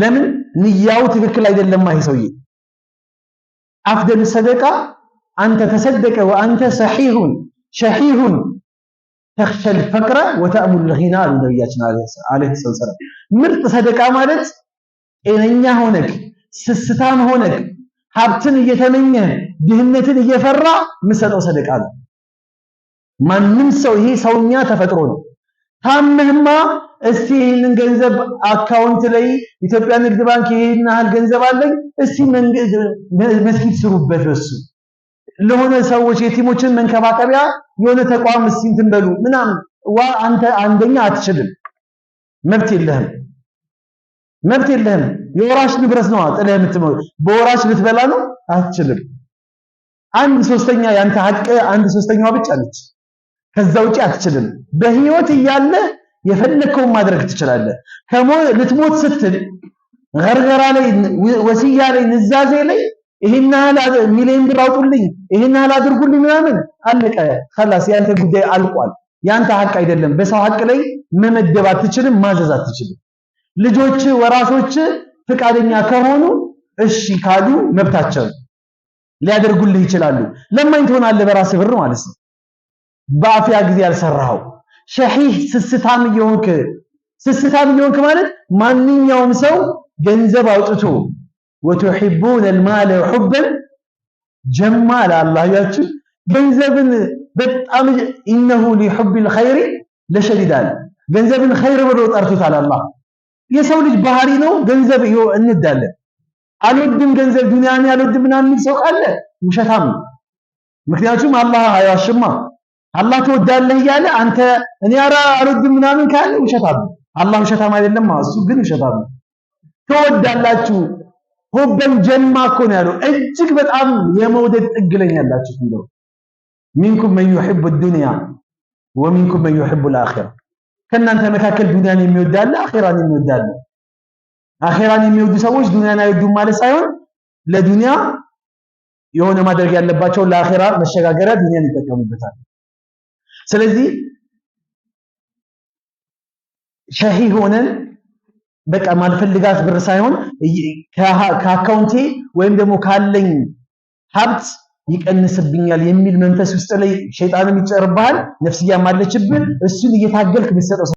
ለምን ንያው ትክክል አይደለም። አይ ሰውዬ አፍደል ሰደቃ አንተ ተሰደቀ ወአንተ ሰሒሁን ሸሒሁን ተክሸል ፈቅረ ወተእሙል ጊና አሉ ነቢያችን ዓለይሂ ሰላም። ምርጥ ሰደቃ ማለት ጤነኛ ሆነክ ስስታም ሆነክ ሀብትን እየተመኘ ድህነትን እየፈራ ምሰጠው ሰደቃ ነው። ማንም ሰው ይሄ ሰውኛ ተፈጥሮ ነው። ታምህማ እስቲ ይህንን ገንዘብ አካውንት ላይ ኢትዮጵያ ንግድ ባንክ ይህን ያህል ገንዘብ አለኝ፣ እስቲ መስጊድ ስሩበት፣ በሱ ለሆነ ሰዎች የቲሞችን መንከባከቢያ የሆነ ተቋም እስቲ እንትን በሉ ምናምን። ዋ አንተ አንደኛ አትችልም፣ መብት የለህም፣ መብት የለህም። የወራሽ ንብረት ነው ጥለህ የምትመው በወራሽ ልትበላ ነው፣ አትችልም። አንድ ሶስተኛ ያንተ ሀቅ አንድ ሶስተኛዋ ብቻ ነች። ከዛ ውጪ አትችልም። በህይወት እያለ የፈለከውን ማድረግ ትችላለህ። ልትሞት ስትል ገርገራ ላይ ወሲያ ላይ ንዛዜ ላይ ይሄን ያህል ሚሊዮን ብር አውጡልኝ፣ ይሄን ያህል አድርጉልኝ ምናምን አለቀ። خلاص ያንተ ጉዳይ አልቋል። ያንተ ሀቅ አይደለም። በሰው ሀቅ ላይ መመደብ አትችልም፣ ማዘዝ አትችልም። ልጆች ወራሾች ፍቃደኛ ከሆኑ እሺ ካሉ መብታቸው ሊያደርጉልህ ይችላሉ። ለማኝ ትሆናለህ በራስህ ብር ማለት ነው። በአፍያ ጊዜ ያልሰራኸው ሸሂህ ስስታም እየሆንክ ስስታም እየሆንክ ማለት ማንኛውም ሰው ገንዘብ አውጥቶ ወቱሒቡነ ልማለ ሑበን ጀማ ለአላህ ገንዘብን በጣም ኢነሁ ሊሑብ ልኸይሪ ለሸዲዳል ገንዘብን ኸይር ብሎ ጠርቶታል አላ የሰው ልጅ ባህሪ ነው። ገንዘብ ይኸው እንዳለ አልወድም ገንዘብ ዱንያን ያልወድም ምናምን ሰው ካለ ውሸታም ነው። ምክንያቱም አላህ አያሽማ አላህ ትወዳለህ እያለ አንተ እኔ ኧረ አልወድም ምናምን ካለ ውሸታም አላህ ውሸታም አይደለም። እሱ ግን ውሸታም ትወዳላችሁ። ሁበን ጀማ እኮ ነው ያለው። እጅግ በጣም የመውደድ ጥግ ላይ ያላችሁ እንደው ሚንኩም መን ዩሂቡ ዱንያ ወሚንኩም መን ዩሂቡ አልአኺራ። ከእናንተ መካከል ዱንያን የሚወዳለ አኺራን የሚወዳለ። አኺራን የሚወዱ ሰዎች ዱንያን አይወዱም ማለት ሳይሆን ለዱንያ የሆነ ማድረግ ያለባቸው ለአኺራ መሸጋገሪያ ዱንያን ይጠቀሙበታል። ስለዚህ ሸሂ ሆነን በቃ ማልፈልጋት ብር ሳይሆን ከአካውንቴ ወይም ደግሞ ካለኝ ሀብት ይቀንስብኛል የሚል መንፈስ ውስጥ ላይ ሸይጣንም ይጨርብሃል፣ ነፍስያም አለችብን። እሱን እየታገልክ ብትሰጠው